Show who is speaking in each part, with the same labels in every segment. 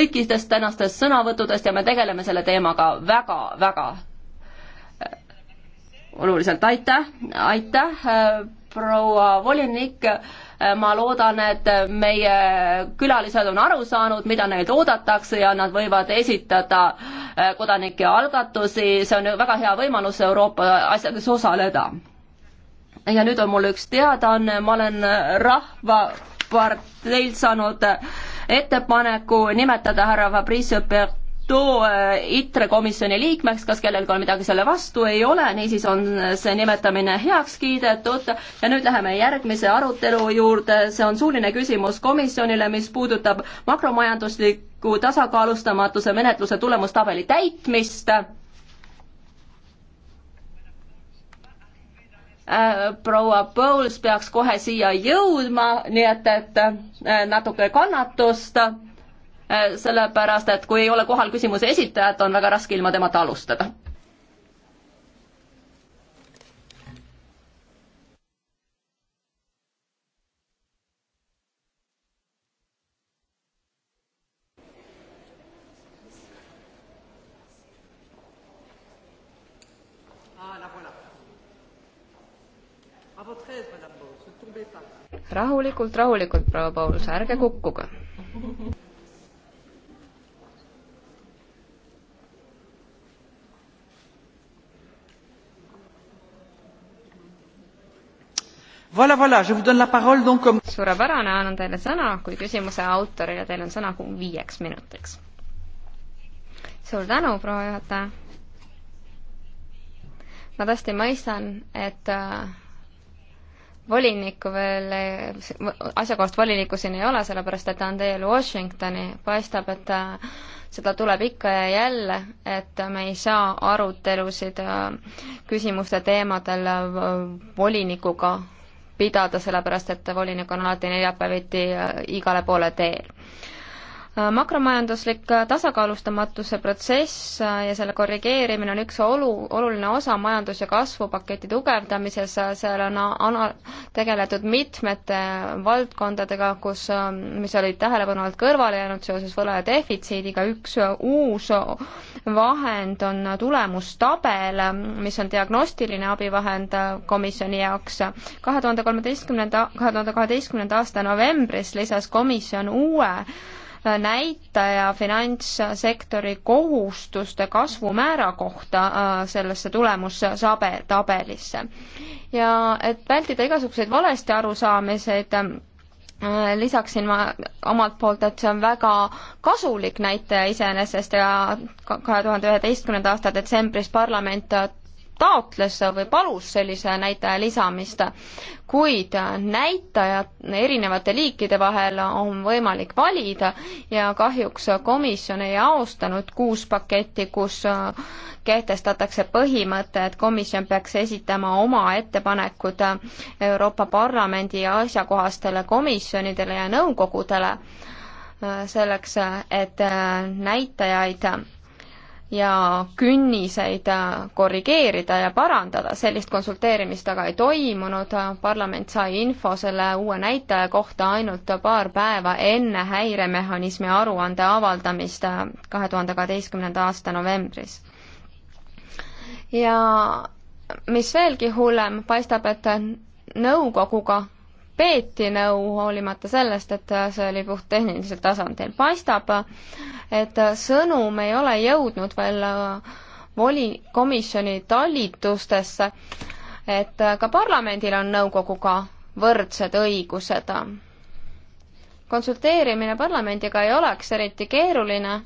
Speaker 1: kõikidest tänastest sõnavõttudest ja me tegeleme selle teemaga väga-väga äh, oluliselt, aitäh, aitäh, äh, proua volinik, äh, ma loodan, et meie külalised on aru saanud, mida neilt oodatakse ja nad võivad esitada kodanike algatusi, see on väga hea võimalus Euroopa asjades osaleda. ja nüüd on mul üks teadaanne, ma olen Rahvaparteilt saanud ettepaneku nimetada härra Fabrice Berthaud äh, ITRE komisjoni liikmeks, kas kellelgi on midagi selle vastu, ei ole, niisiis on see nimetamine heaks kiidetud ja nüüd läheme järgmise arutelu juurde, see on suuline küsimus komisjonile, mis puudutab makromajandusliku tasakaalustamatuse menetluse tulemustabeli täitmist Äh, proua Bowles peaks kohe siia jõudma, nii et, et äh, natuke kannatust, äh, sellepärast et kui ei ole kohal küsimuse esitajat, on väga raske ilma temata alustada
Speaker 2: rahulikult, rahulikult, proua Paulus, ärge kukkuge.
Speaker 1: Voilà, voilà, je vous donne la
Speaker 2: parole donc comme... suurepärane, annan teile sõna kui küsimuse autorile, teil on sõna viieks minutiks. suur tänu, proua juhataja. ma tõesti mõistan, et äh, volinikku veel, asjakohast volinikku siin ei ole, sellepärast et ta on teel Washingtoni, paistab, et äh, seda tuleb ikka ja jälle, et me ei saa arutelusid äh, küsimuste teemadel äh, volinikuga pidada, sellepärast et volinik on alati neljapäeviti igale poole teel Äh, makromajanduslik äh, tasakaalustamatuse protsess äh, ja selle korrigeerimine on üks olu-, oluline osa majandus- ja kasvupaketi tugevdamises, seal on ana-, tegeletud mitmete valdkondadega, kus, ähm, mis olid tähelepanu alt kõrvale jäänud seoses võla ja defitsiidiga, üks uus vahend on tulemustabel, mis on diagnostiline abivahend komisjoni jaoks. kahe tuhande kolmeteistkümnenda, kahe tuhande kaheteistkümnenda aasta novembris lisas komisjon uue näitaja finantssektori kohustuste kasvumäära kohta äh, sellesse tulemustabe, tabelisse. ja et vältida igasuguseid valesti arusaamiseid, äh, lisaksin ma omalt poolt, et see on väga kasulik näitaja iseenesest ja kahe tuhande üheteistkümnenda aasta detsembris parlament taotles või palus sellise näitaja lisamist, kuid näitajad erinevate liikide vahel on võimalik valida ja kahjuks komisjon ei austanud kuus paketti, kus kehtestatakse põhimõte, et komisjon peaks esitama oma ettepanekud Euroopa Parlamendi ja asjakohastele komisjonidele ja nõukogudele selleks, et näitajaid ja künniseid äh, korrigeerida ja parandada, sellist konsulteerimist aga ei toimunud, parlament sai info selle uue näitaja kohta ainult paar päeva enne häiremehhanismi aruande avaldamist äh, kahe tuhande kaheteistkümnenda aasta novembris. ja mis veelgi hullem, paistab, et nõukoguga peeti nõu, hoolimata sellest, et see oli puhttehnilisel tasandil. paistab, et sõnum ei ole jõudnud veel voli, komisjoni talitustesse, et ka parlamendil on nõukoguga võrdsed õigused. konsulteerimine parlamendiga ei oleks eriti keeruline,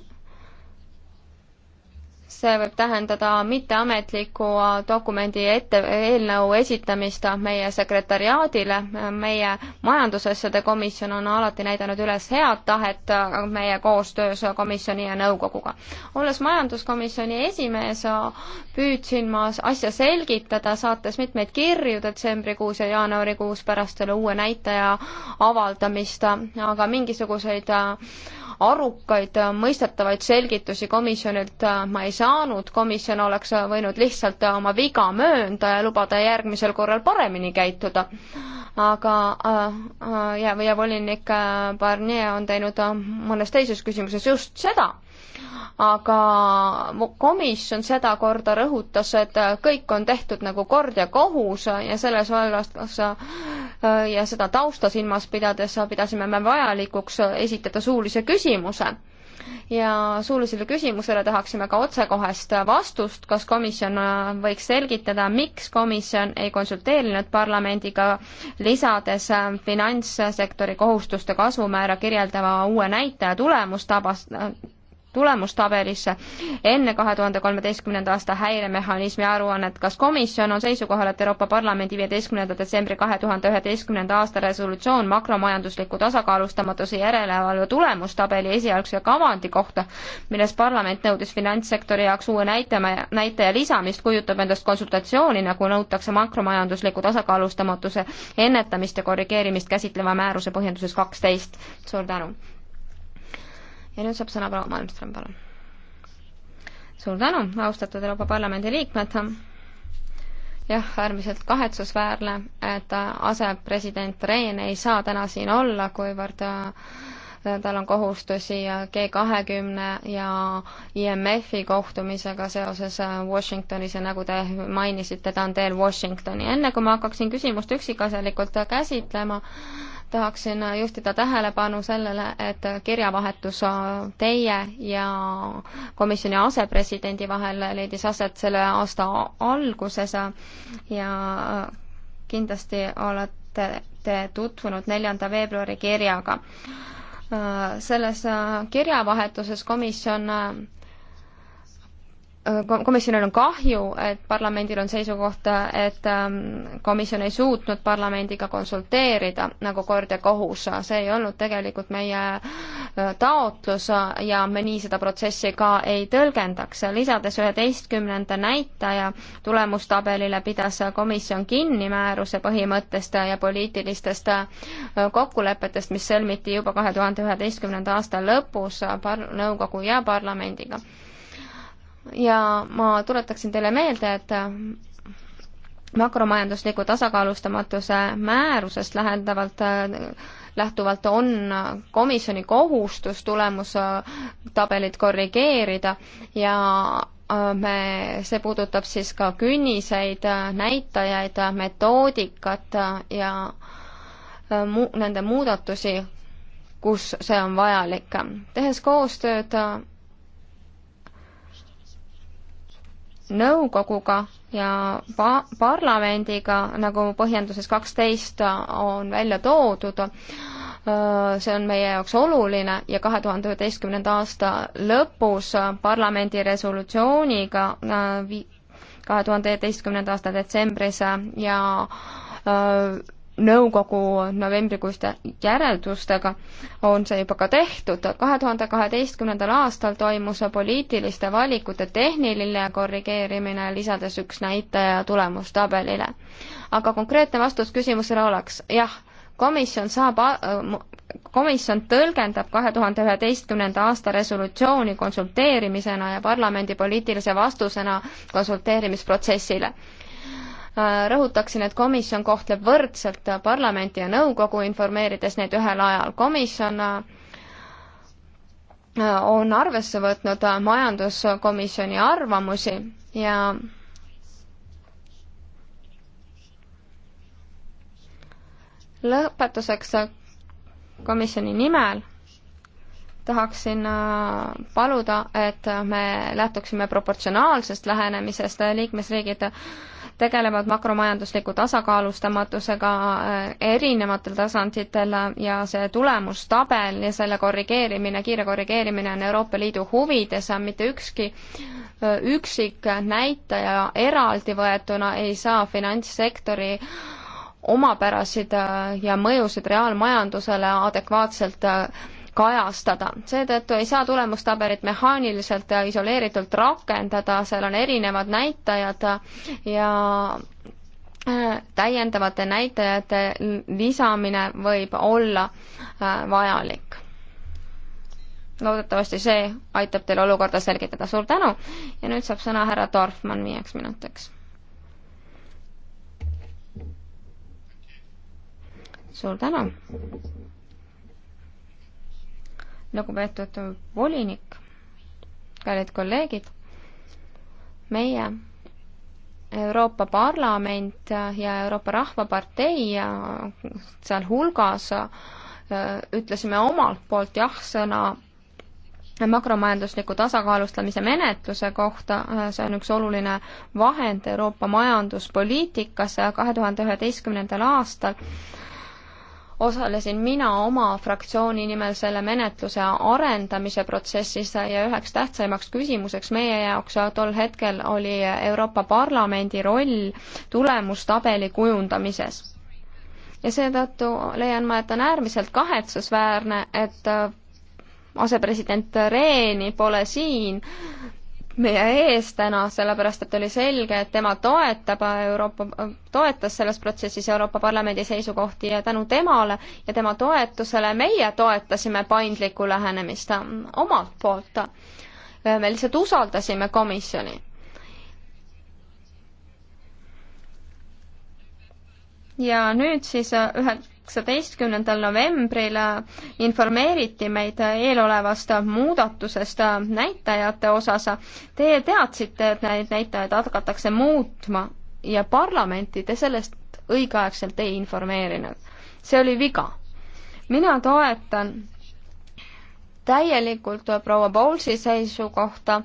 Speaker 2: see võib tähendada mitteametliku dokumendi ette, eelnõu esitamist meie sekretariaadile, meie majandusasjade komisjon on alati näidanud üles head tahet meie koostöös komisjoni ja nõukoguga. olles majanduskomisjoni esimees, püüdsin ma asja selgitada, saates mitmeid kirju detsembrikuus ja jaanuarikuus pärast selle uue näitaja avaldamist, aga mingisuguseid arukaid, mõistetavaid selgitusi komisjonilt äh, ma ei saanud, komisjon oleks äh, võinud lihtsalt äh, oma viga möönda ja lubada järgmisel korral paremini käituda. aga ja, ja volinik Barnier on teinud mõnes teises küsimuses just seda aga komisjon sedakorda rõhutas, et kõik on tehtud nagu kord ja kohus ja selles vallas ja seda tausta silmas pidades pidasime me vajalikuks esitada suulise küsimuse ja suulisele küsimusele tahaksime ka otsekohest vastust, kas komisjon võiks selgitada, miks komisjon ei konsulteerinud parlamendiga, lisades finantssektori kohustuste kasvumäära kirjeldava uue näitaja tulemustabas-, tulemustabelisse enne kahe tuhande kolmeteistkümnenda aasta häiremehhanismi aruannet. kas komisjon on seisukohal, et Euroopa Parlamendi viieteistkümnenda detsembri kahe tuhande üheteistkümnenda aasta resolutsioon makromajandusliku tasakaalustamatuse järelevalve tulemustabeli esialgse kavandi kohta, milles parlament nõudis finantssektori jaoks uue näitema, näitaja lisamist, kujutab endast konsultatsiooni, nagu nõutakse makromajandusliku tasakaalustamatuse ennetamist ja korrigeerimist käsitleva määruse põhjenduses kaksteist. suur tänu! ja nüüd saab sõna proua Malmström, palun. suur tänu, austatud Euroopa Parlamendi liikmed. jah, äärmiselt kahetsusväärne, et asepresident Rehn ei saa täna siin olla, kuivõrd äh, tal on kohustusi G kahekümne ja IMF-i kohtumisega seoses äh, Washingtonis ja nagu te mainisite, ta on teel Washingtoni. enne kui ma hakkaksin küsimust üksikasjalikult käsitlema, tahaksin juhtida tähelepanu sellele, et kirjavahetus teie ja komisjoni asepresidendi vahel leidis aset selle aasta alguses ja kindlasti olete te tutvunud neljanda veebruari kirjaga. selles kirjavahetuses komisjon Äh, komisjonil on kahju, et parlamendil on seisukoht, et ähm, komisjon ei suutnud parlamendiga konsulteerida nagu kord ja kohus. see ei olnud tegelikult meie äh, taotlus ja me nii seda protsessi ka ei tõlgendaks. lisades üheteistkümnenda näitaja tulemustabelile, pidas komisjon kinni määruse põhimõttest ja poliitilistest äh, kokkulepetest, mis sõlmiti juba kahe tuhande üheteistkümnenda aasta lõpus par-, nõukogu ja parlamendiga ja ma tuletaksin teile meelde, et makromajandusliku tasakaalustamatuse määrusest lähendavalt äh, lähtuvalt on komisjoni kohustus tulemustabelit korrigeerida ja äh, me, see puudutab siis ka künniseid, äh, näitajaid, metoodikat ja mu-, nende muudatusi, kus see on vajalik. tehes koostööd nõukoguga ja pa-, parlamendiga, nagu põhjenduses kaksteist on välja toodud, see on meie jaoks oluline ja kahe tuhande üheteistkümnenda aasta lõpus parlamendi resolutsiooniga kahe tuhande üheteistkümnenda aasta detsembris ja nõukogu novembrikuiste järeldustega on see juba ka tehtud. kahe tuhande kaheteistkümnendal aastal toimus poliitiliste valikute tehniline korrigeerimine, lisades üks näitaja tulemustabelile. aga konkreetne vastus küsimusele oleks jah, komisjon saab, komisjon tõlgendab kahe tuhande üheteistkümnenda aasta resolutsiooni konsulteerimisena ja parlamendi poliitilise vastusena konsulteerimisprotsessile Äh, rõhutaksin, et komisjon kohtleb võrdselt äh, parlamenti ja nõukogu, informeerides neid ühel ajal. komisjon äh, on arvesse võtnud majanduskomisjoni arvamusi ja lõpetuseks komisjoni nimel tahaksin paluda, et me lähtuksime proportsionaalsest lähenemisest, liikmesriigid tegelevad makromajandusliku tasakaalustamatusega äh, erinevatel tasanditel äh, ja see tulemustabel ja selle korrigeerimine, kiire korrigeerimine on Euroopa Liidu huvides, äh, mitte ükski üksik näitaja eraldi võetuna ei saa finantssektori omapärasid ja mõjusid reaalmajandusele adekvaatselt kajastada. seetõttu ei saa tulemustabelit mehaaniliselt ja isoleeritult rakendada, seal on erinevad näitajad ja äh, täiendavate näitajate lisamine võib olla äh, vajalik. loodetavasti see aitab teil olukorda selgitada, suur tänu ja nüüd saab sõna härra Dorfmann viieks minutiks. suur tänu lugupeetud volinik, kallid kolleegid, meie Euroopa Parlament ja Euroopa Rahvapartei sealhulgas äh, ütlesime omalt poolt jah-sõna makromajandusliku tasakaalustamise menetluse kohta, äh, see on üks oluline vahend Euroopa majanduspoliitikas kahe tuhande üheteistkümnendal aastal osalesin mina oma fraktsiooni nimel selle menetluse arendamise protsessis ja üheks tähtsaimaks küsimuseks meie jaoks tol hetkel oli Euroopa Parlamendi roll tulemustabeli kujundamises. ja seetõttu leian ma, et on äärmiselt kahetsusväärne, et asepresident Reeni pole siin meie ees täna, sellepärast et oli selge, et tema toetab äh, Euroopa, äh, toetas selles protsessis Euroopa Parlamendi seisukohti ja tänu temale ja tema toetusele meie toetasime paindlikku lähenemist äh, omalt poolt. me lihtsalt usaldasime komisjoni. ja nüüd siis ühelt kaheksateistkümnendal novembril informeeriti meid eelolevast muudatusest näitajate osas. Teie teadsite, et neid näitajaid hakatakse muutma ja parlamenti te sellest õigeaegselt ei informeerinud. see oli viga. mina toetan täielikult proua Paulsi seisukohta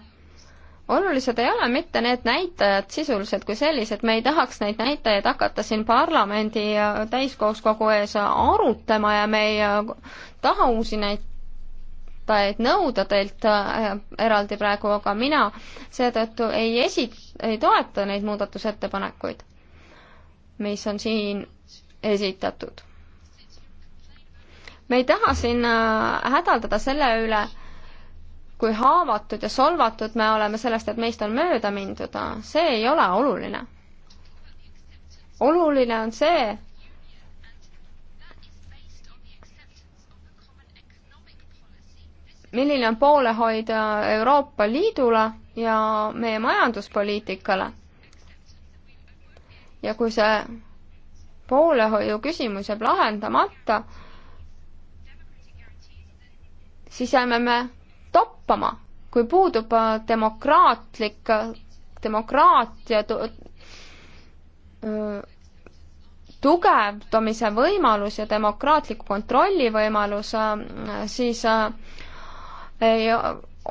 Speaker 2: olulised ei ole mitte need näitajad sisuliselt kui sellised, me ei tahaks neid näitajaid hakata siin parlamendi ja täiskogu ees arutama ja me ei äh, taha uusi näitajaid nõuda teilt äh, eraldi praegu, aga mina seetõttu ei esi-, ei toeta neid muudatusettepanekuid, mis on siin esitatud. me ei taha siin äh, hädaldada selle üle, kui haavatud ja solvatud me oleme sellest, et meist on mööda mindud, see ei ole oluline. oluline on see, milline on poolehoid Euroopa Liidule ja meie majanduspoliitikale. ja kui see poolehoiu küsimus jääb lahendamata, siis jääme me toppama, kui puudub äh, demokraatlik, äh, demokraatia äh, tugevdamise võimalus ja demokraatliku kontrolli võimalus, siis ei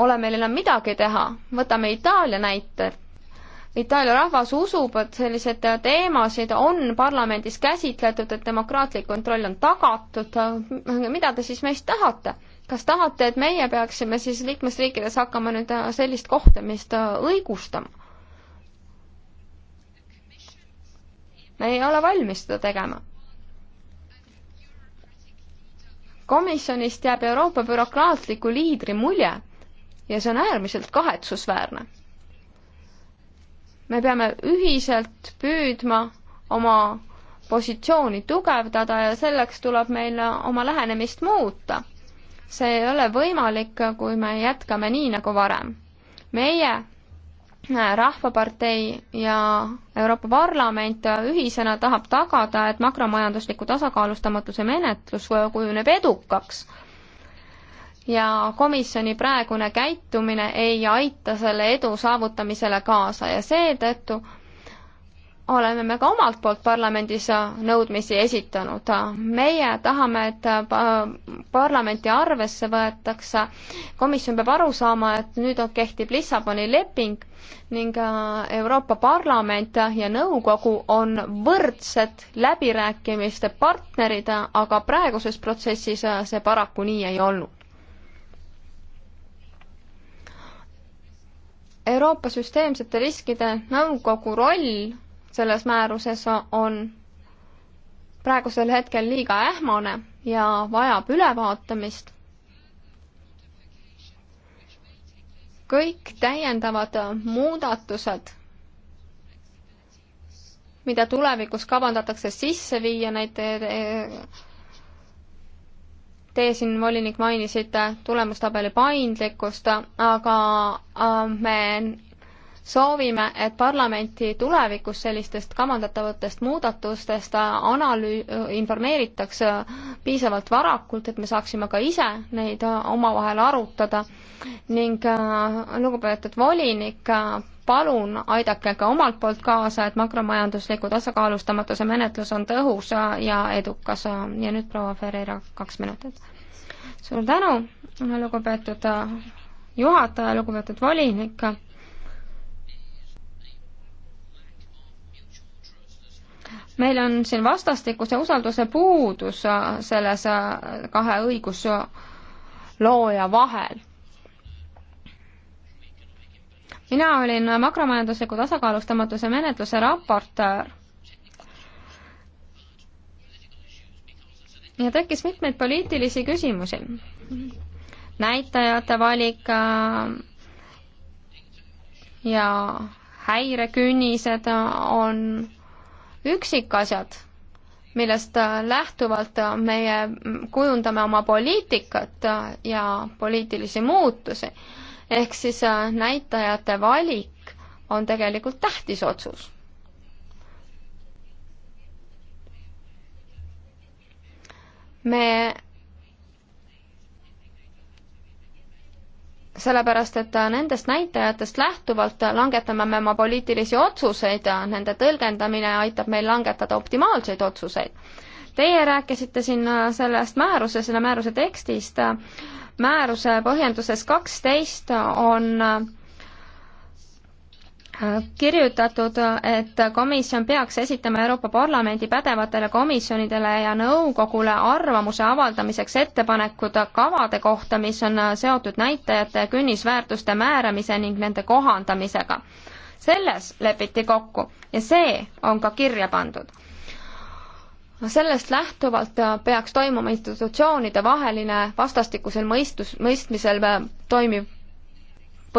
Speaker 2: ole meil enam midagi teha. võtame Itaalia näite. Itaalia rahvas usub, et selliseid teemasid on parlamendis käsitletud, et demokraatlik kontroll on tagatud. mida te siis meist tahate? kas tahate, et meie peaksime siis liikmesriikides hakkama nüüd äh, sellist kohtlemist äh, õigustama? me ei ole valmis seda tegema. komisjonist jääb Euroopa bürokraatliku liidri mulje ja see on äärmiselt kahetsusväärne. me peame ühiselt püüdma oma positsiooni tugevdada ja selleks tuleb meil äh, oma lähenemist muuta see ei ole võimalik, kui me jätkame nii nagu varem. meie äh, Rahvapartei ja Euroopa Parlament ühisena tahab tagada, et makromajandusliku tasakaalustamatuse menetlus kujuneb edukaks. ja komisjoni praegune käitumine ei aita selle edu saavutamisele kaasa ja seetõttu oleme me ka omalt poolt parlamendis nõudmisi esitanud. meie tahame, et äh, parlamenti arvesse võetakse, komisjon peab aru saama, et nüüd kehtib Lissaboni leping ning äh, Euroopa Parlament ja nõukogu on võrdsed läbirääkimiste partnerid, aga praeguses protsessis äh, see paraku nii ei olnud. Euroopa süsteemsete riskide nõukogu roll selles määruses on praegusel hetkel liiga ähmane ja vajab ülevaatamist. kõik täiendavad muudatused, mida tulevikus kavandatakse sisse viia, neid teie siin, volinik, mainisite tulemustabeli paindlikkust, aga äh, me soovime, et parlamenti tulevikus sellistest kavandatavatest muudatustest analüü-, informeeritakse piisavalt varakult, et me saaksime ka ise neid omavahel arutada ning äh, lugupeetud volinik, palun aidake ka omalt poolt kaasa, et makromajandusliku tasakaalustamatuse menetlus on tõhus ja edukas ja nüüd proua Ferreira, kaks minutit. suur tänu, lugupeetud äh, juhataja, lugupeetud volinik meil on siin vastastikuse usalduse puudus äh, selles äh, kahe õiguslooja vahel. mina olin makromajandusliku tasakaalustamatuse menetluse raportöör ja tekkis mitmeid poliitilisi küsimusi. näitajate valik äh, ja häirekünnised on üksikasjad, millest äh, lähtuvalt äh, meie mm, kujundame oma poliitikat äh, ja poliitilisi muutusi. ehk siis näitajate valik on tegelikult tähtis otsus. me sellepärast, et nendest näitajatest lähtuvalt langetame me oma poliitilisi otsuseid ja nende tõlgendamine aitab meil langetada optimaalseid otsuseid. Teie rääkisite siin sellest määruse, selle määruse tekstist, määruse põhjenduses kaksteist on kirjutatud, et komisjon peaks esitama Euroopa Parlamendi pädevatele komisjonidele ja nõukogule arvamuse avaldamiseks ettepanekud kavade kohta, mis on seotud näitajate ja künnisväärtuste määramise ning nende kohandamisega. selles lepiti kokku ja see on ka kirja pandud sellest lähtuvalt peaks toimuma institutsioonide vaheline vastastikusel mõistus, mõistmisel toimiv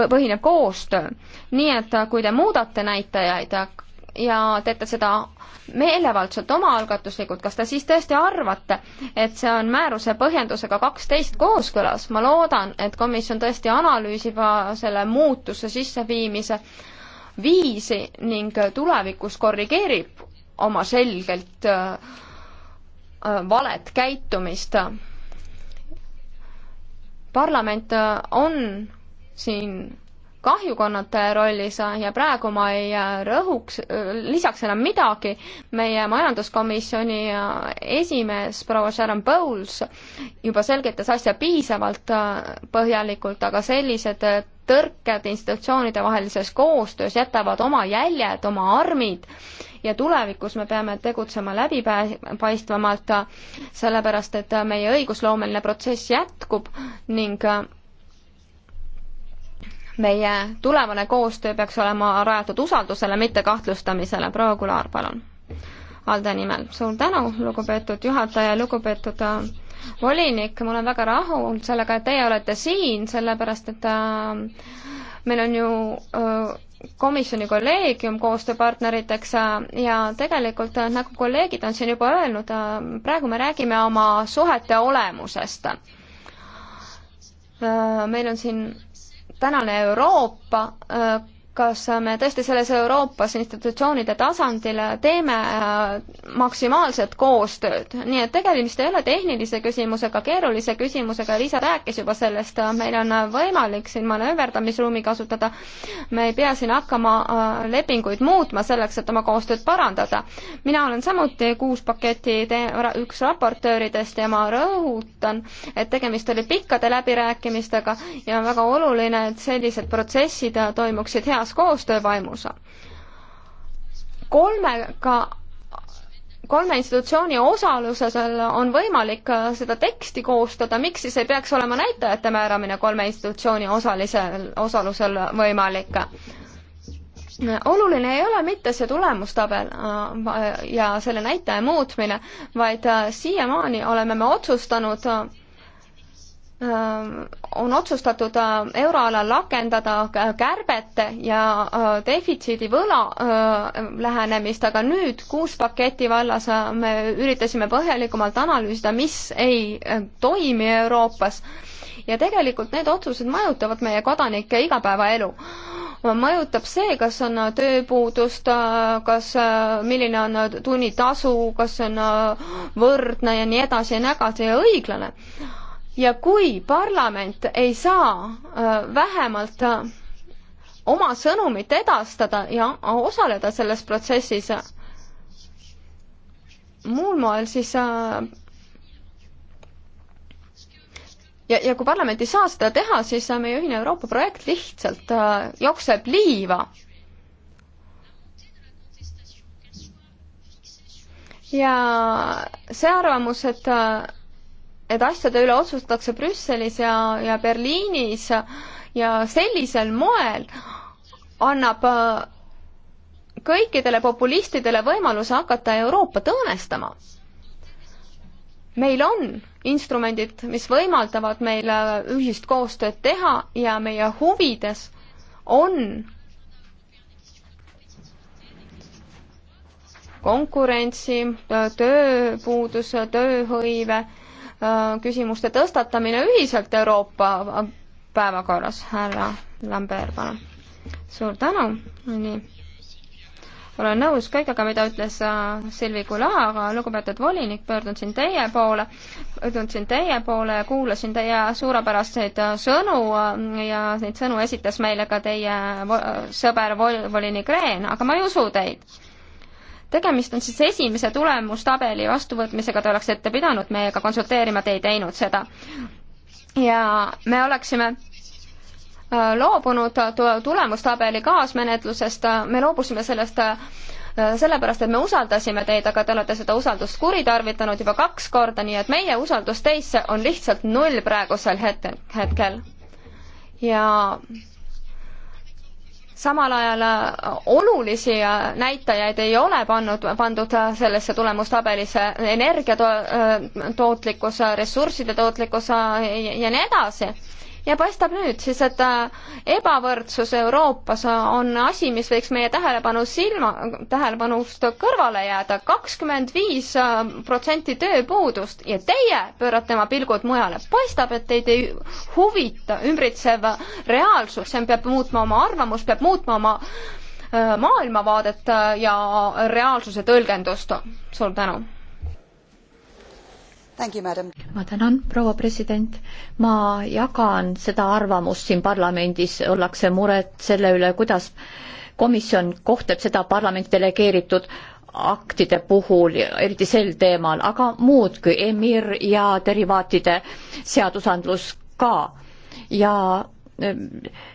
Speaker 2: põhineb koostöö. nii et äh, kui te muudate näitajaid äh, ja teete seda meelevaldselt omaalgatuslikult, kas te siis tõesti arvate, et see on määruse põhjendusega kaksteist kooskõlas? ma loodan, et komisjon tõesti analüüsib äh, selle muutuse sisseviimise viisi ning tulevikus korrigeerib oma selgelt valet käitumist. parlament on siin kahjukannataja rollis ja praegu ma ei äh, rõhuks, äh, lisaks enam midagi. meie majanduskomisjoni äh, esimees proua Sharon Bowles juba selgitas asja piisavalt põhjalikult, aga sellised tõrked institutsioonide vahelises koostöös jätavad oma jäljed, oma armid ja tulevikus me peame tegutsema läbipaistvamalt, sellepärast et meie õigusloomeline protsess jätkub ning meie tulevane koostöö peaks olema rajatud usaldusele, mitte kahtlustamisele. proua Kular, palun. Alde nimel. suur tänu, lugupeetud juhataja, lugupeetud äh, volinik, ma olen väga rahul sellega, et teie olete siin, sellepärast et äh, meil on ju äh, komisjoni kolleegium koostööpartneriteks ja tegelikult nagu kolleegid on siin juba öelnud, praegu me räägime oma suhete olemusest. meil on siin tänane Euroopa äh, kas me tõesti selles Euroopas institutsioonide tasandil teeme äh, maksimaalset koostööd. nii et tegemist ei ole tehnilise küsimusega, keerulise küsimusega, Liisa rääkis juba sellest, meil on võimalik siin manööverdamisruumi kasutada, me ei pea siin hakkama äh, lepinguid muutma selleks, et oma koostööd parandada. mina olen samuti kuus paketi üks raportööridest ja ma rõhutan, et tegemist oli pikkade läbirääkimistega ja on väga oluline, et sellised protsessid äh, toimuksid heas heas koostöövaimus. kolmega kolme institutsiooni osalusel on võimalik seda teksti koostada, miks siis ei peaks olema näitajate määramine kolme institutsiooni osalisel, osalusel võimalik? oluline ei ole mitte see tulemustabel äh, ja selle näitaja muutmine, vaid äh, siiamaani oleme me otsustanud Äh, on otsustatud äh, euroalal rakendada äh, kärbete ja defitsiidi võla lähenemist, aga nüüd kuus paketi vallas me üritasime põhjalikumalt analüüsida, mis ei toimi Euroopas. ja tegelikult need otsused mõjutavad meie kodanike igapäevaelu mõjutab see, kas on tööpuudust, kas, milline on tunnitasu, kas on võrdne ja nii edasi ja nii edasi ja õiglane ja kui parlament ei saa äh, vähemalt äh, oma sõnumit edastada ja osaleda selles protsessis muul moel, siis äh, ja, ja kui parlament ei saa seda teha, siis meie ühine Euroopa projekt lihtsalt jookseb liiva. ja see arvamus, et et asjade üle otsustatakse Brüsselis ja, ja Berliinis ja sellisel moel annab äh, kõikidele populistidele võimaluse hakata Euroopat õõnestama. meil on instrumendid, mis võimaldavad meile äh, ühist koostööd teha ja meie huvides on konkurentsi, äh, tööpuuduse, tööhõive Äh, küsimuste tõstatamine ühiselt Euroopa päevakorras. härra Lambert, palun. suur tänu, nii. olen nõus kõigega, mida ütles äh, Silvi Kula, aga lugupeetud volinik, pöördun siin teie poole, pöördun siin teie poole ja kuulasin teie suurepäraseid äh, sõnu ja neid sõnu esitas meile ka teie sõber vol-, volinik Rehn, aga ma ei usu teid tegemist on siis esimese tulemustabeli vastuvõtmisega, te oleks ette pidanud meiega konsulteerima, te ei teinud seda. ja me oleksime äh, loobunud tulemustabeli kaasmenetlusest, me loobusime sellest äh, sellepärast, et me usaldasime teid, aga te olete seda usaldust kuritarvitanud juba kaks korda, nii et meie usaldus teisse on lihtsalt null praegusel hetkel. ja samal ajal äh, olulisi äh, näitajaid ei ole pannud, pandud äh, sellesse tulemustabelisse, energia to tootlikkus, ressursside tootlikkus ja, ja nii edasi ja paistab nüüd siis, et äh, ebavõrdsus Euroopas on asi, mis võiks meie tähelepanu silma, tähelepanust kõrvale jääda. kakskümmend viis äh, protsenti tööpuudust ja teie pöörate oma pilgud mujale. paistab, et teid ei huvita ümbritsev reaalsus, see peab muutma oma arvamust, peab muutma oma äh, maailmavaadet ja reaalsuse tõlgendust. suur tänu!
Speaker 3: ma tänan, proua president. ma jagan seda arvamust siin parlamendis, ollakse muret selle üle, kuidas komisjon kohtleb seda parlamendi delegeeritud aktide puhul, eriti sel teemal, aga muudki, EMIR ja derivaatide seadusandlus ka. ja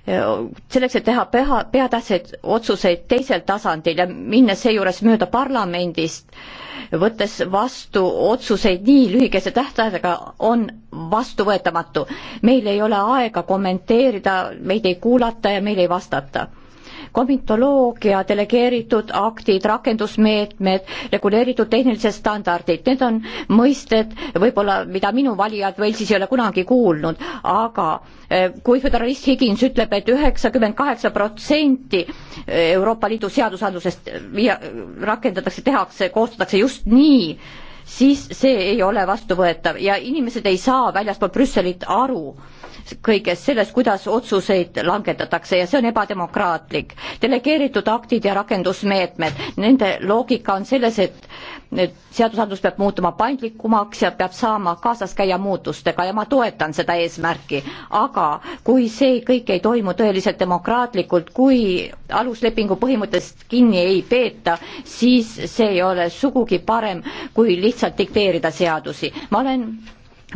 Speaker 3: selleks, et teha peha, peatähtsaid otsuseid teisel tasandil ja minnes seejuures mööda parlamendist, võttes vastu otsuseid nii lühikese tähtajaga, on vastuvõetamatu. meil ei ole aega kommenteerida, meid ei kuulata ja meil ei vastata komitoloogia, delegeeritud aktid, rakendusmeetmed, reguleeritud tehnilised standardid, need on mõisted võib-olla, mida minu valijad Velsis ei ole kunagi kuulnud, aga eh, kui föderalist Higins ütleb et, et üheksakümmend kaheksa protsenti eh, Euroopa Liidu seadusandlusest viia, rakendatakse, tehakse, koostatakse just nii, siis see ei ole vastuvõetav ja inimesed ei saa väljaspool Brüsselit aru kõigest sellest, kuidas otsuseid langetatakse ja see on ebademokraatlik. delegeeritud aktid ja rakendusmeetmed, nende loogika on selles, et seadusandlus peab muutuma paindlikumaks ja peab saama kaasas käia muutustega ja ma toetan seda eesmärki, aga kui see kõik ei toimu tõeliselt demokraatlikult, kui aluslepingu põhimõttest kinni ei peeta, siis see ei ole sugugi parem, kui lihtsalt dikteerida seadusi. ma olen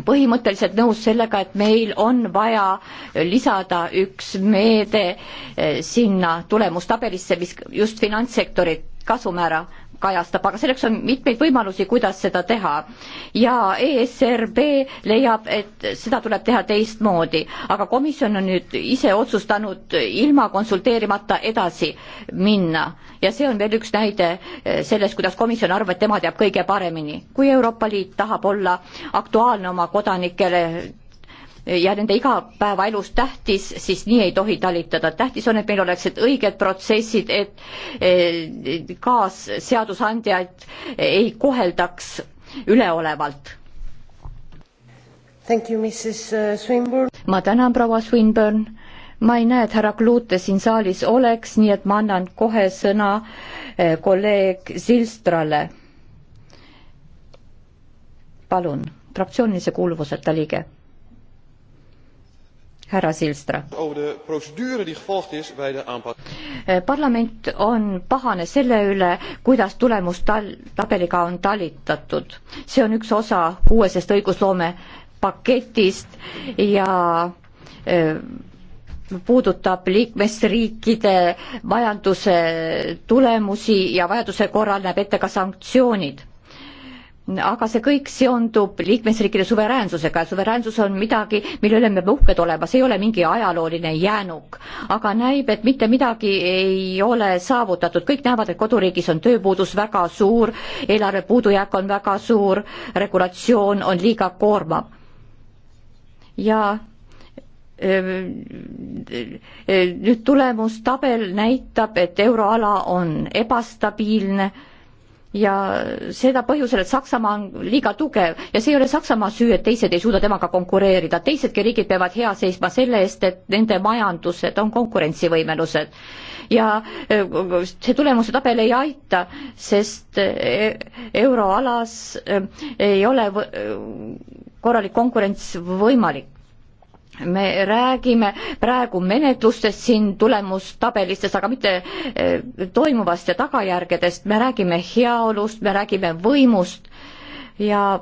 Speaker 3: põhimõtteliselt nõus sellega, et meil on vaja lisada üks meede eh, sinna tulemustabelisse, mis just finantssektorit kasumäära kajastab, aga selleks on mitmeid võimalusi, kuidas seda teha. ja ESRB leiab, et seda tuleb teha teistmoodi, aga komisjon on nüüd ise otsustanud ilma konsulteerimata edasi minna ja see on veel üks näide eh, sellest, kuidas komisjon arvab, et tema teab kõige paremini. kui Euroopa Liit tahab olla aktuaalne oma kodanikele, ja nende igapäevaelus tähtis, siis nii ei tohi talitada. tähtis on, et meil oleksid õiged protsessid, et kaasseadusandjaid ei koheldaks üleolevalt. Uh, ma tänan, proua Swinburne. ma ei näe, et härra Klute siin saalis oleks, nii et ma annan kohe sõna eh, kolleeg Silstrale. palun, fraktsioonilise kuuluvuseta liige härra Silstra. Eh, parlament on pahane selle üle, kuidas tulemustal-, tabeliga on talitatud. see on üks osa uuesest õigusloome paketist ja öö, eh, puudutab liikmesriikide majanduse tulemusi ja vajaduse korral näeb ette ka sanktsioonid aga see kõik seondub liikmesriikide suveräänsusega ja suveräänsus on midagi, mille üle me peame uhked olema, see ei ole mingi ajalooline jäänuk. aga näib, et mitte midagi ei ole saavutatud, kõik näevad, et koduriigis on tööpuudus väga suur, eelarve puudujääk on väga suur, regulatsioon on liiga koormav. ja nüüd tulemustabel näitab, et euroala on ebastabiilne ja seda põhjusel, et Saksamaa on liiga tugev ja see ei ole Saksamaa süü, et teised ei suuda temaga konkureerida, teisedki riigid peavad hea seisma selle eest, et nende majandused on konkurentsivõimelused. ja e, see tulemuse tabel ei aita, sest e, euroalas e, ei ole korralik konkurents võimalik me räägime praegu menetlustest siin tulemustabelistes, aga mitte eh, toimuvast ja tagajärgedest, me räägime heaolust, me räägime võimust ja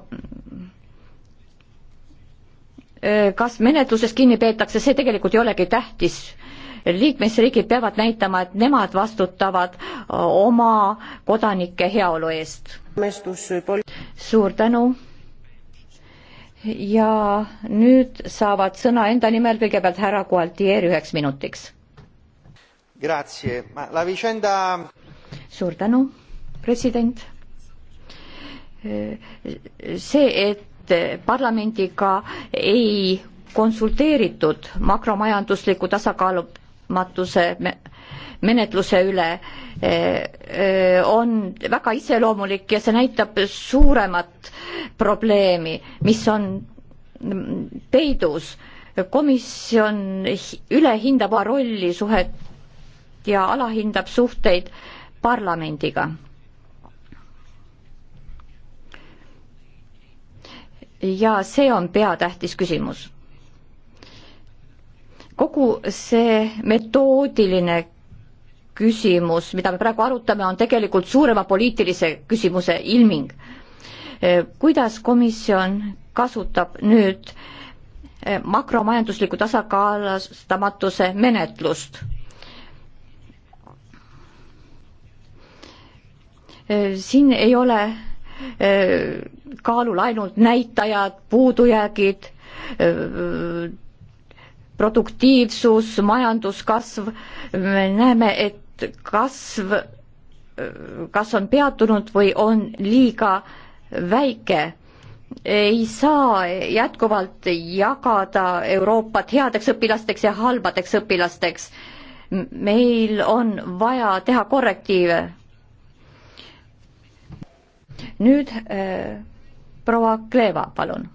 Speaker 3: eh, kas menetlusest kinni peetakse, see tegelikult ei olegi tähtis. liikmesriigid peavad näitama, et nemad vastutavad eh, oma kodanike heaolu eest. suur tänu ja nüüd saavad sõna enda nimel kõigepealt härra Gualtier üheks minutiks. Vicenda... suur tänu, president. see, et parlamendiga ei konsulteeritud makromajandusliku tasakaalu vastutuse menetluse üle eh, eh, on väga iseloomulik ja see näitab suuremat probleemi, mis on mm, peidus. komisjon ülehindab oma rolli suhet ja alahindab suhteid parlamendiga. ja see on peatähtis küsimus kogu see metoodiline küsimus, mida me praegu arutame, on tegelikult suurema poliitilise küsimuse ilming. Eh, kuidas komisjon kasutab nüüd eh, makromajandusliku tasakaalustamatuse menetlust? Eh, siin ei ole kaalul ainult näitajad, puudujäägid, produktiivsus, majanduskasv, me näeme, et kasv, kas on peatunud või on liiga väike. ei saa jätkuvalt jagada Euroopat headeks õpilasteks ja halbadeks õpilasteks. meil on vaja teha korrektiive. nüüd äh, proua Kleeva, palun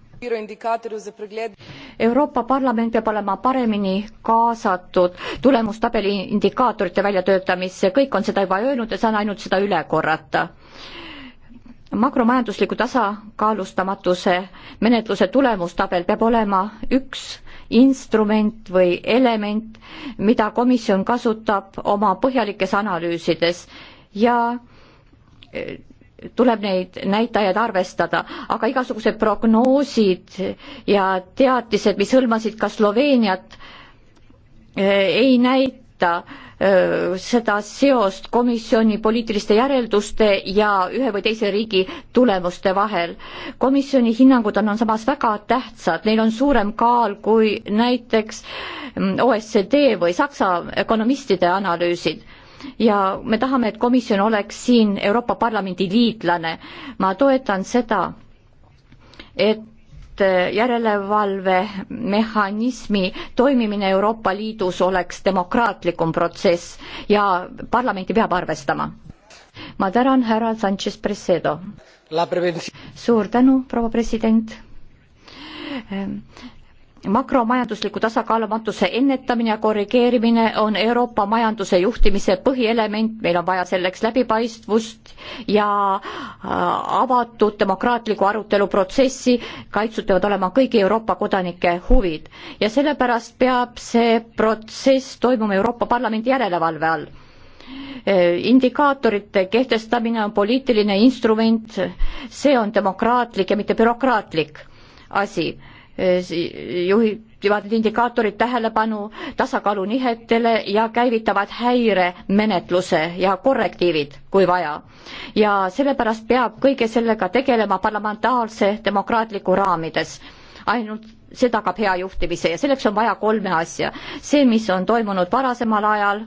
Speaker 3: Euroopa Parlament peab olema paremini kaasatud tulemustabeli indikaatorite väljatöötamisse, kõik on seda juba öelnud ja saan ainult seda üle korrata makromajandusliku tasakaalustamatuse menetluse tulemustabel peab olema üks instrument või element, mida komisjon kasutab oma põhjalikes analüüsides ja tuleb neid näitajaid arvestada, aga igasugused prognoosid ja teatised, mis hõlmasid ka Sloveeniat, eh, ei näita eh, seda seost komisjoni poliitiliste järelduste ja ühe või teise riigi tulemuste vahel. komisjoni hinnangud on, on samas väga tähtsad, neil on suurem kaal kui näiteks mm, OECD või Saksa ökonomistide analüüsid ja me tahame, et komisjon oleks siin Euroopa Parlamendi liitlane. ma toetan seda, et järelevalvemehhanismi toimimine Euroopa Liidus oleks demokraatlikum protsess ja parlamenti peab arvestama. ma tänan, härra Sanchez Presedo. suur tänu, proua president makromajandusliku tasakaalumatuse ennetamine ja korrigeerimine on Euroopa majanduse juhtimise põhielement, meil on vaja selleks läbipaistvust ja äh, avatud demokraatliku arutelu protsessi, kaitstud peavad olema kõigi Euroopa kodanike huvid. ja sellepärast peab see protsess toimuma Euroopa Parlamendi järelevalve all äh, indikaatorite kehtestamine on poliitiline instrument, see on demokraatlik ja mitte bürokraatlik asi Eh, juhivad need indikaatorid tähelepanu tasakaalunihetele ja käivitavad häiremenetluse ja korrektiivid, kui vaja. ja sellepärast peab kõige sellega tegelema parlamentaarse demokraatliku raamides. ainult see tagab hea juhtimise ja selleks on vaja kolme asja. see, mis on toimunud varasemal ajal,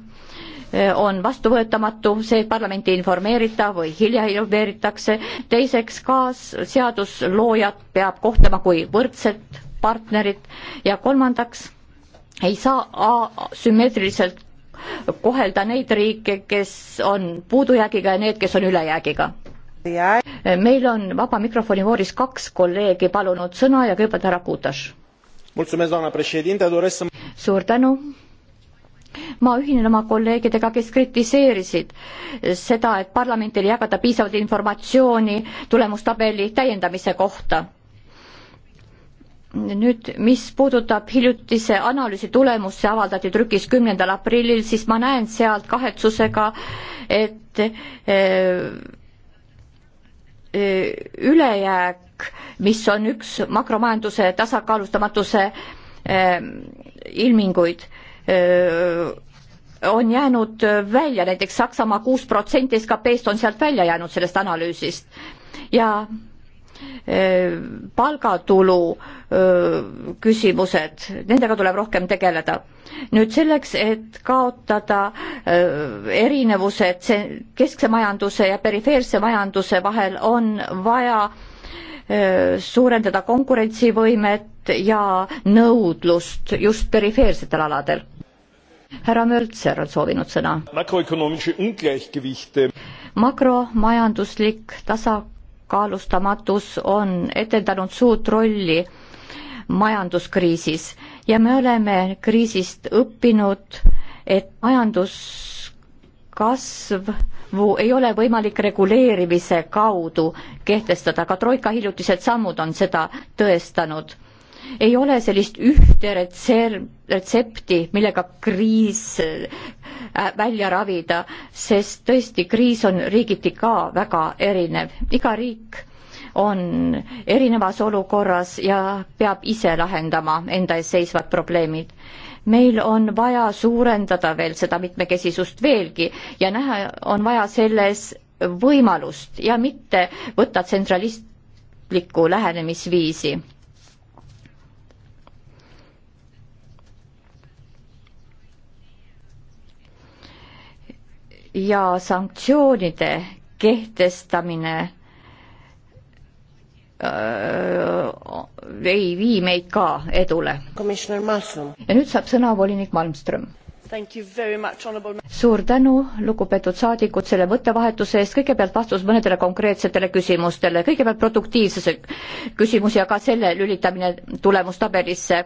Speaker 3: eh, on vastuvõetamatu, see, et parlamenti ei informeerita või hilja informeeritakse, teiseks kaasseadusloojad peab kohtlema kui võrdset partnerid ja kolmandaks ei saa asümmeetriliselt kohelda neid riike, kes on puudujäägiga ja need, kes on ülejäägiga. meil on vaba mikrofoni vooris kaks kolleegi palunud sõna ja kõigepealt härra Kuutaš. suur tänu ma ühinen oma kolleegidega, kes kritiseerisid seda, et parlamendil ei jagata piisavalt informatsiooni tulemustabeli täiendamise kohta nüüd, mis puudutab hiljutise analüüsi tulemust, see avaldati trükis kümnendal aprillil, siis ma näen sealt kahetsusega, et eh, eh, ülejääk, mis on üks makromajanduse tasakaalustamatuse eh, ilminguid, on jäänud välja, näiteks Saksamaa kuus protsenti SKP-st on sealt välja jäänud sellest analüüsist ja Äh, palgatulu äh, küsimused, nendega tuleb rohkem tegeleda. nüüd selleks, et kaotada äh, erinevused keskse majanduse ja perifeerse majanduse vahel, on vaja suurendada konkurentsivõimet ja nõudlust just perifeersetel aladel. härra Möltser on soovinud sõna. makromajanduslik tasakaal tasakaalustamatus on etendanud suurt rolli majanduskriisis ja me oleme kriisist õppinud, et majanduskasvu ei ole võimalik reguleerimise kaudu kehtestada, ka Troika hiljutised sammud on seda tõestanud ei ole sellist ühte retser-, retsepti, millega kriis äh, välja ravida, sest tõesti, kriis on riigiti ka väga erinev, iga riik on erinevas olukorras ja peab ise lahendama enda ees seisvad probleemid. meil on vaja suurendada veel seda mitmekesisust veelgi ja näha on vaja selles võimalust ja mitte võtta tsentralistlikku lähenemisviisi ja sanktsioonide kehtestamine öö, äh, ei vii meid ka edule. ja nüüd saab sõna volinik Malmström. Honorable suur tänu, lugupeetud saadikud, selle mõttevahetuse eest, kõigepealt vastus mõnedele konkreetsetele küsimustele, kõigepealt produktiivsuse küsimus ja ka selle lülitamine tulemustabelisse.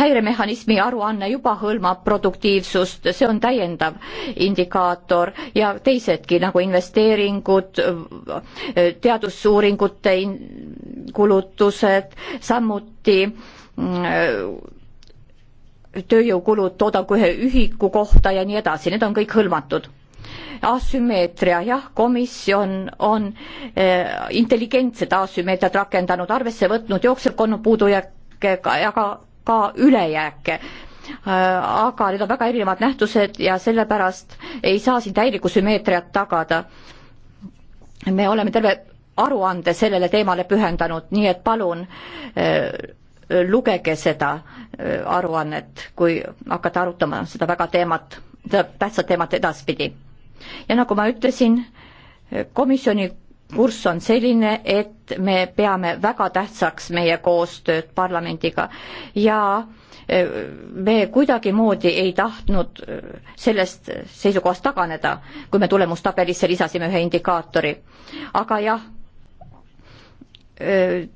Speaker 3: häiremehhanismi aruanne juba hõlmab produktiivsust, see on täiendav indikaator ja teisedki nagu investeeringud, teadusuuringute kulutused, samuti mm, tööjõukulud toodangu ühe ühiku kohta ja nii edasi, need on kõik hõlmatud. asümmeetria, jah, komisjon on äh, eh, intelligentset asümmeetriat rakendanud, arvesse võtnud jooksevkonna puudujääke ja ka, ka ülejääke eh, aga need on väga erinevad nähtused ja sellepärast ei saa siin täielikku sümmeetriat tagada. me oleme terve aruande sellele teemale pühendanud, nii et palun eh, lugege seda äh, aruannet, kui hakata arutama seda väga teemat, seda tähtsat teemat edaspidi. ja nagu ma ütlesin, komisjoni kurss on selline, et me peame väga tähtsaks meie koostööd parlamendiga ja äh, me kuidagimoodi ei tahtnud äh, sellest seisukohast taganeda, kui me tulemustabelisse lisasime ühe indikaatori. aga jah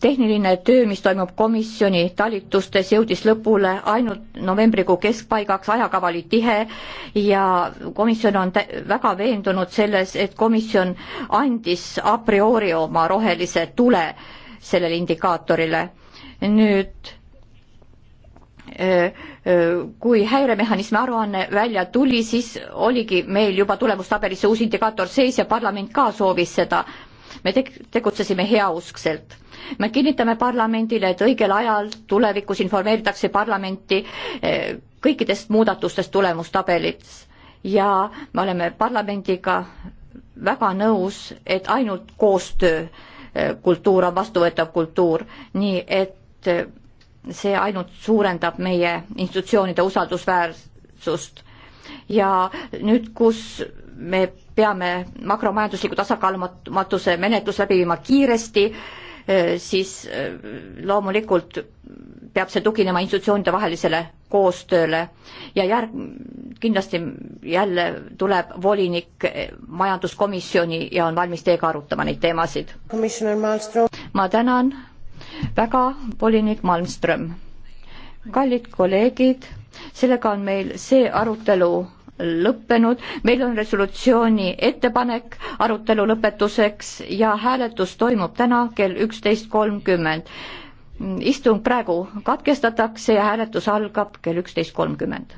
Speaker 3: tehniline töö, mis toimub komisjoni talitustes, jõudis lõpule ainult novembrikuu keskpaigaks, ajakava oli tihe ja komisjon on väga veendunud selles, et komisjon andis a priori oma rohelise tule sellele indikaatorile. nüüd kui häiremehhanismi aruanne välja tuli, siis oligi meil juba tulemustabelis see uus indikaator sees ja parlament ka soovis seda me tegutsesime heauskselt. me kinnitame parlamendile, et õigel ajal tulevikus informeeritakse parlamenti eh, kõikidest muudatustest tulemustabelis ja me oleme parlamendiga väga nõus, et ainult koostöö eh, kultuur on vastuvõetav kultuur, nii et eh, see ainult suurendab meie institutsioonide usaldusväärsust. ja nüüd, kus me peame makromajandusliku tasakaalumatuse menetlus läbi viima kiiresti, eh, siis eh, loomulikult peab see tuginema institutsioonide vahelisele koostööle ja järg-, kindlasti jälle tuleb volinik eh, majanduskomisjoni ja on valmis teiega arutama neid teemasid. ma tänan väga, volinik Malmström. kallid kolleegid, sellega on meil see arutelu lõppenud, meil on resolutsiooni ettepanek arutelu lõpetuseks ja hääletus toimub täna kell üksteist kolmkümmend. istung praegu katkestatakse ja hääletus algab kell üksteist kolmkümmend.